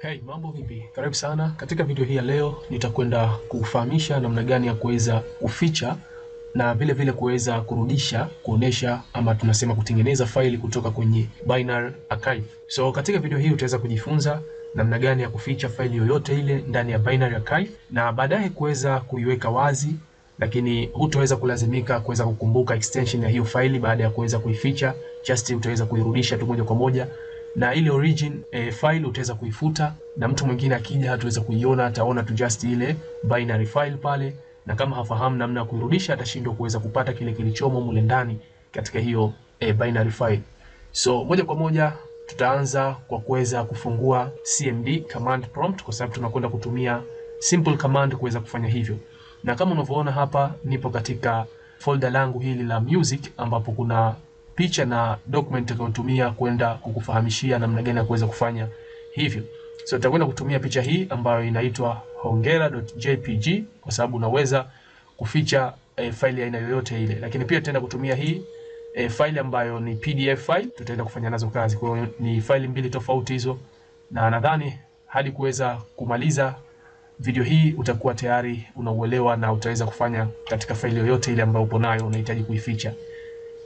Hey, mambo vipi? Karibu sana. Katika video hii ya leo nitakwenda kufahamisha namna gani ya kuweza kuficha na vile vile kuweza kurudisha, kuonesha ama tunasema kutengeneza faili kutoka kwenye binary archive. So katika video hii utaweza kujifunza namna gani ya kuficha faili yoyote ile ndani ya binary archive na baadaye kuweza kuiweka wazi, lakini hutaweza kulazimika kuweza kukumbuka extension ya hiyo faili baada ya kuweza kuificha, just utaweza kuirudisha tu moja kwa moja na ile origin e, file utaweza kuifuta, na mtu mwingine akija hatuweza kuiona, ataona tu just ile binary file pale, na kama hafahamu namna ya kuirudisha atashindwa kuweza kupata kile kilichomo mule ndani katika hiyo e, binary file. So moja kwa moja tutaanza kwa kuweza kufungua CMD command prompt, kwa sababu tunakwenda kutumia simple command kuweza kufanya hivyo, na kama unavyoona hapa nipo katika folder langu hili la music ambapo kuna picha na document utakayotumia kwenda kukufahamishia namna gani ya kuweza kufanya hivyo. So tutakwenda kutumia picha hii ambayo inaitwa hongera.jpg kwa sababu unaweza kuficha e, faili aina yoyote ile, lakini pia tutaenda kutumia hii e, faili ambayo ni PDF file, tutaenda kufanya nazo kazi. Kwa hiyo ni faili mbili tofauti hizo, na nadhani hadi kuweza kumaliza video hii utakuwa tayari unauelewa na utaweza kufanya katika faili yoyote ile ambayo upo nayo unahitaji kuificha.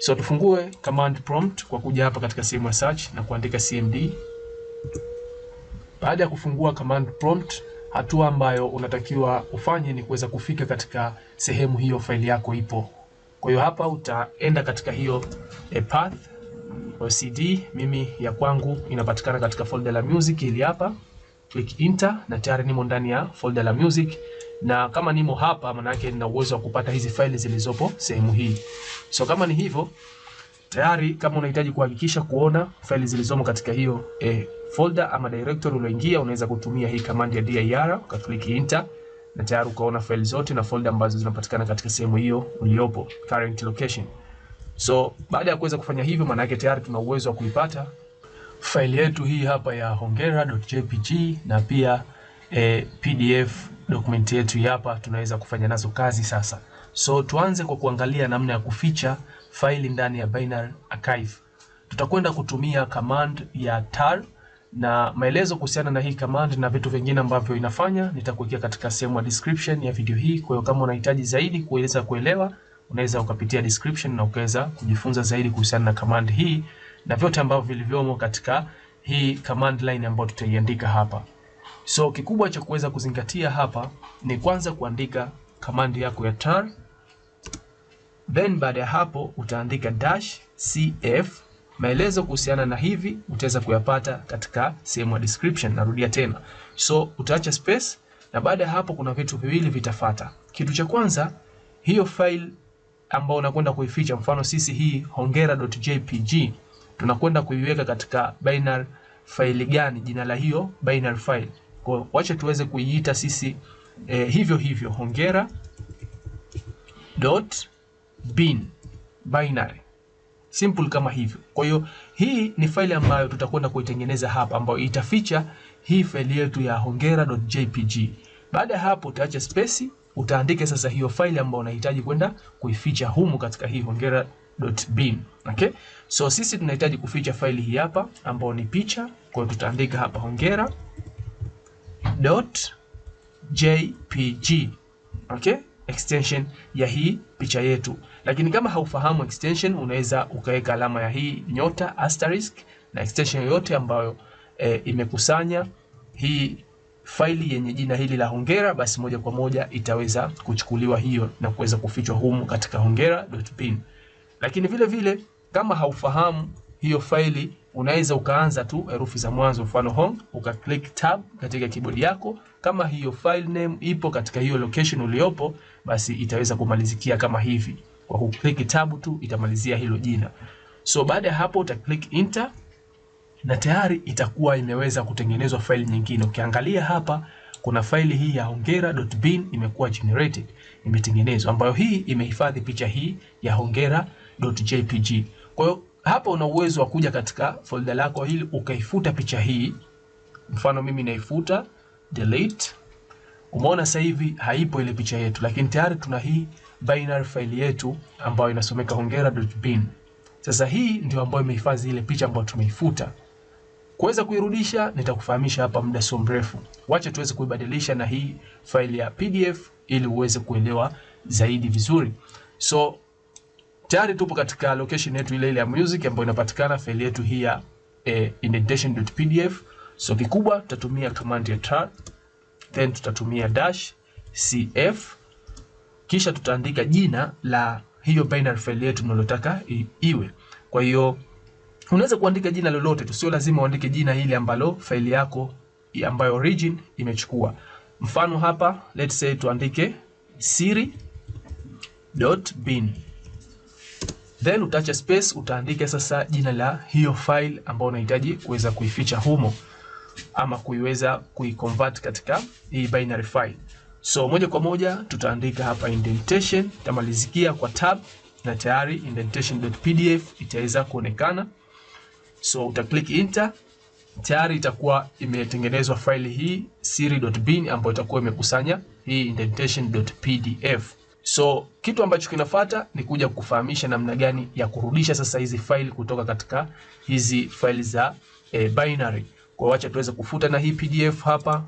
So tufungue command prompt kwa kuja hapa katika sehemu ya search na kuandika cmd. Baada ya kufungua command prompt, hatua ambayo unatakiwa ufanye ni kuweza kufika katika sehemu hiyo faili yako ipo. Kwa hiyo hapa utaenda katika hiyo eh, path CD. Mimi ya kwangu inapatikana katika folder la music, ili hapa click enter, na tayari nimo ndani ya folder la music na kama nimo hapa, maana yake nina uwezo wa kupata hizi faili zilizopo sehemu hii. So kama ni hivyo tayari, kama unahitaji kuhakikisha kuona faili zilizomo katika hiyo eh, folder ama directory ulioingia, unaweza kutumia hii command ya dir ukaklik enter na tayari ukaona faili zote na folder ambazo zinapatikana katika sehemu hiyo uliopo current location. So baada ya kuweza kufanya hivyo, maana yake tayari tuna uwezo wa kuipata faili yetu hii hapa ya hongera.jpg na pia e, eh, PDF dokumenti yetu hapa tunaweza kufanya nazo kazi sasa. So tuanze kwa kuangalia namna ya kuficha faili ndani ya Binary Archive. Tutakwenda kutumia command ya tar na maelezo kuhusiana na hii command na vitu vingine ambavyo inafanya nitakuwekea katika sehemu ya description ya video hii. Kwa hiyo kama unahitaji zaidi kuweza kuelewa, unaweza ukapitia description na ukaweza kujifunza zaidi kuhusiana na command hii na vyote ambavyo vilivyomo katika hii command line ambayo tutaiandika hapa. So kikubwa cha kuweza kuzingatia hapa ni kwanza kuandika kamandi yako ya tar, then baada ya hapo utaandika dash cf. Maelezo kuhusiana na hivi utaweza kuyapata katika sehemu ya description. Narudia tena, so utaacha space na baada ya hapo kuna vitu viwili vitafata. Kitu cha kwanza, hiyo file ambayo unakwenda kuificha, mfano sisi hii hongera.jpg tunakwenda kuiweka katika binary file gani, jina la hiyo binary file. Kwa wacha tuweze kuiita sisi eh, hivyo hivyo hongera dot bin binary simple kama hivyo. Kwa hiyo hii ni faili ambayo tutakwenda kuitengeneza hapa, ambayo itaficha hii faili yetu ya hongera.jpg. Baada ya hapo utaacha space, utaandike sasa hiyo faili ambayo unahitaji kwenda kuificha humu katika hii hongera.bin. Okay, so sisi tunahitaji kuficha faili hii hapa ambayo ni picha, kwa hiyo tutaandika hapa hongera dot jpg okay, extension ya hii picha yetu. Lakini kama haufahamu extension, unaweza ukaweka alama ya hii nyota asterisk na extension yoyote ambayo e, imekusanya hii faili yenye jina hili la Hongera, basi moja kwa moja itaweza kuchukuliwa hiyo na kuweza kufichwa humu katika hongera.bin. Lakini vile vile kama haufahamu hiyo faili unaweza ukaanza tu herufi za mwanzo, mfano home, uka click tab katika kibodi yako. Kama hiyo file name ipo katika hiyo location uliopo, basi itaweza kumalizikia kama hivi, kwa ku click tab tu itamalizia hilo jina. So baada ya hapo uta click enter na tayari itakuwa imeweza kutengenezwa faili nyingine. Ukiangalia hapa kuna faili hii ya hongera.bin imekuwa generated, imetengenezwa ambayo hii imehifadhi picha hii ya hongera.jpg. Kwa hiyo hapa una uwezo wa kuja katika folder lako hili ukaifuta picha hii. Mfano mimi naifuta delete. Umeona sasa hivi haipo ile picha yetu, lakini tayari tuna hii binary file yetu ambayo inasomeka hongera.bin. Sasa hii ndio ambayo imehifadhi ile picha ambayo tumeifuta. Kuweza kuirudisha nitakufahamisha hapa muda sio mrefu. Wacha tuweze kuibadilisha na hii file ya PDF ili uweze kuelewa zaidi vizuri. So Tayari tupo katika location yetu ile ile ya music ambayo inapatikana file yetu hii ya eh, indentation.pdf. So kikubwa tutatumia command ya tar, then tutatumia dash cf, kisha tutaandika jina la hiyo binary file yetu tunalotaka iwe. Kwa hiyo unaweza kuandika jina lolote tu, sio lazima uandike jina hili ambalo faili yako ambayo origin imechukua. Mfano hapa let's say tuandike siri.bin Then utaacha space, utaandika sasa jina la hiyo file ambayo unahitaji kuweza kuificha humo ama kuiweza kuiconvert katika hii binary file. So moja kwa moja tutaandika hapa indentation, tamalizikia kwa tab na tayari indentation.pdf itaweza kuonekana. So uta click enter, tayari itakuwa imetengenezwa faili hii siri.bin ambayo itakuwa imekusanya hii indentation.pdf. So kitu ambacho kinafata ni kuja kufahamisha namna gani ya kurudisha sasa hizi faili kutoka katika hizi faili za e, binary. Kwa wacha tuweze kufuta na hii PDF hapa.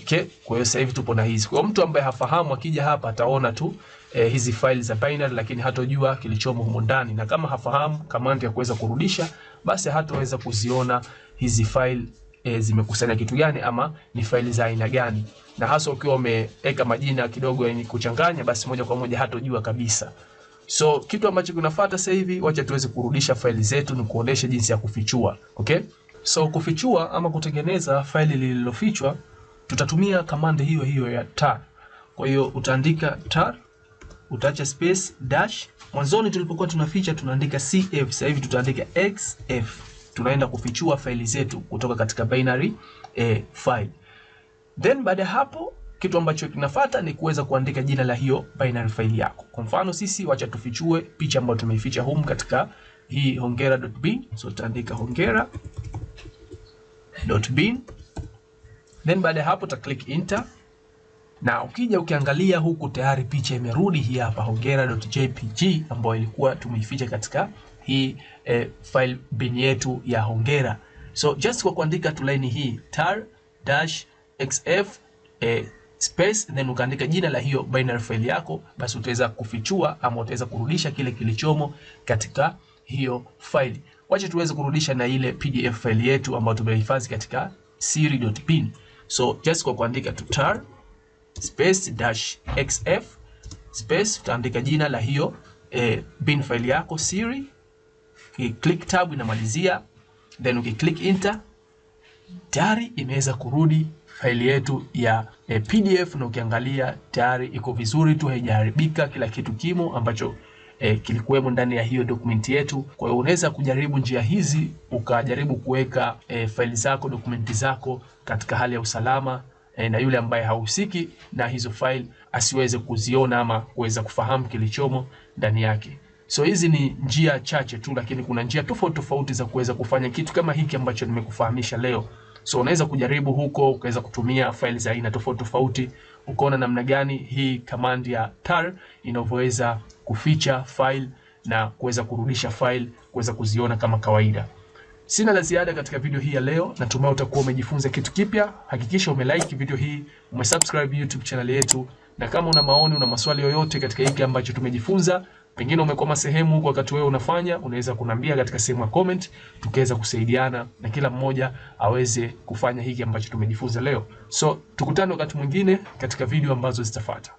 Okay, kwa hiyo sasa hivi tupo na hizi. Kwa mtu ambaye hafahamu akija hapa ataona tu e, hizi faili za binary lakini hatojua kilichomo humo ndani. Na kama hafahamu command ya kuweza kurudisha basi hataweza kuziona hizi faili e, zimekusanya kitu gani ama ni faili za aina gani, na hasa ukiwa umeweka majina kidogo yenye kuchanganya, basi moja kwa moja hatojua kabisa. So kitu ambacho kinafuata sasa hivi, wacha tuweze kurudisha faili zetu, ni kuonesha jinsi ya kufichua. Okay, so kufichua ama kutengeneza faili lililofichwa tutatumia kamandi hiyo hiyo ya tar. Kwa hiyo utaandika tar, utaacha space dash. Mwanzoni tulipokuwa tunaficha tunaandika cf, sasa hivi tutaandika xf tunaenda kufichua faili zetu kutoka katika binary eh, file. Then baada ya hapo kitu ambacho kinafata ni kuweza kuandika jina la hiyo binary file yako. Kwa mfano sisi wacha tufichue picha ambayo tumeificha home katika hii hongera.bin, so tutaandika hongera.bin. Then baada ya hapo ta click enter na ukija ukiangalia huku tayari picha imerudi hii hapa hongera.jpg ambayo ilikuwa tumeificha katika hii eh, file bin yetu ya hongera. So just kwa kuandika tu line hii tar dash xf eh, space then ukaandika jina la hiyo binary file yako, basi utaweza kufichua ama utaweza kurudisha kile kilichomo katika hiyo file. Wacha tuweze kurudisha na ile PDF file yetu ambayo tumehifadhi katika siri.pin. So just kwa kuandika tu tar space dash xf space utaandika jina la hiyo eh, bin file yako siri Click tab inamalizia, then ukiclick enter tayari imeweza kurudi faili yetu ya e, eh, PDF na ukiangalia tayari iko vizuri tu, haijaharibika. Kila kitu kimo ambacho e, kilikuwemo ndani ya hiyo dokumenti yetu. Kwa hiyo unaweza kujaribu njia hizi ukajaribu kuweka e, faili zako, dokumenti zako katika hali ya usalama e, na yule ambaye hahusiki na hizo faili asiweze kuziona ama kuweza kufahamu kilichomo ndani yake. So hizi ni njia chache tu, lakini kuna njia tofauti tofauti za kuweza kufanya kitu kama hiki ambacho nimekufahamisha leo. So unaweza kujaribu huko ukaweza kutumia faili za aina tofauti tofauti, ukaona namna gani hii command ya tar inavyoweza kuficha file na kuweza kurudisha file, kuweza kuziona kama kawaida. Sina la ziada katika video hii ya leo, natumai utakuwa umejifunza kitu kipya. Hakikisha umelike video hii, umesubscribe YouTube channel yetu, na kama una maoni, una maswali yoyote katika hiki ambacho tumejifunza Pengine umekwama sehemu huko wakati wewe unafanya, unaweza kuniambia katika sehemu ya comment, tukaweza kusaidiana na kila mmoja aweze kufanya hiki ambacho tumejifunza leo. So tukutane wakati mwingine katika video ambazo zitafuata.